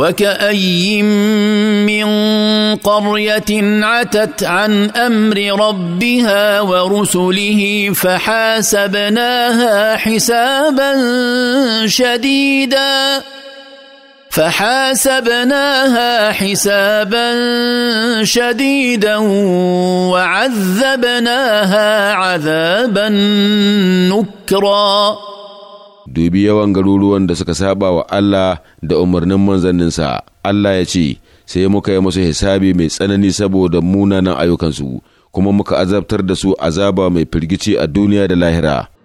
وكأي من قرية عتت عن أمر ربها ورسله فحاسبناها حسابا شديدا فحاسبناها حسابا شديدا وعذبناها عذابا نكرا dubi yawan garuruwan da suka saba wa Allah da umarnin manzanninsa Allah ya ce sai muka yi musu hisabi mai tsanani saboda munanan ayyukansu kuma muka azabtar da su azaba mai firgici a duniya da lahira